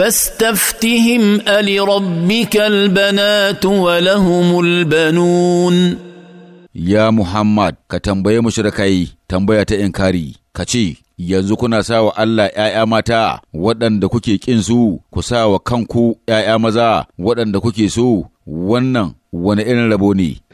فاستفتهم ألربك البنات ولهم البنون يا محمد كتنبي مشركي تنبي Ka كتي yanzu kuna sa wa Allah ‘ya'ya mata waɗanda kuke ƙinsu, ku sa wa kanku ‘ya'ya maza waɗanda kuke so, wannan wani irin rabo ne.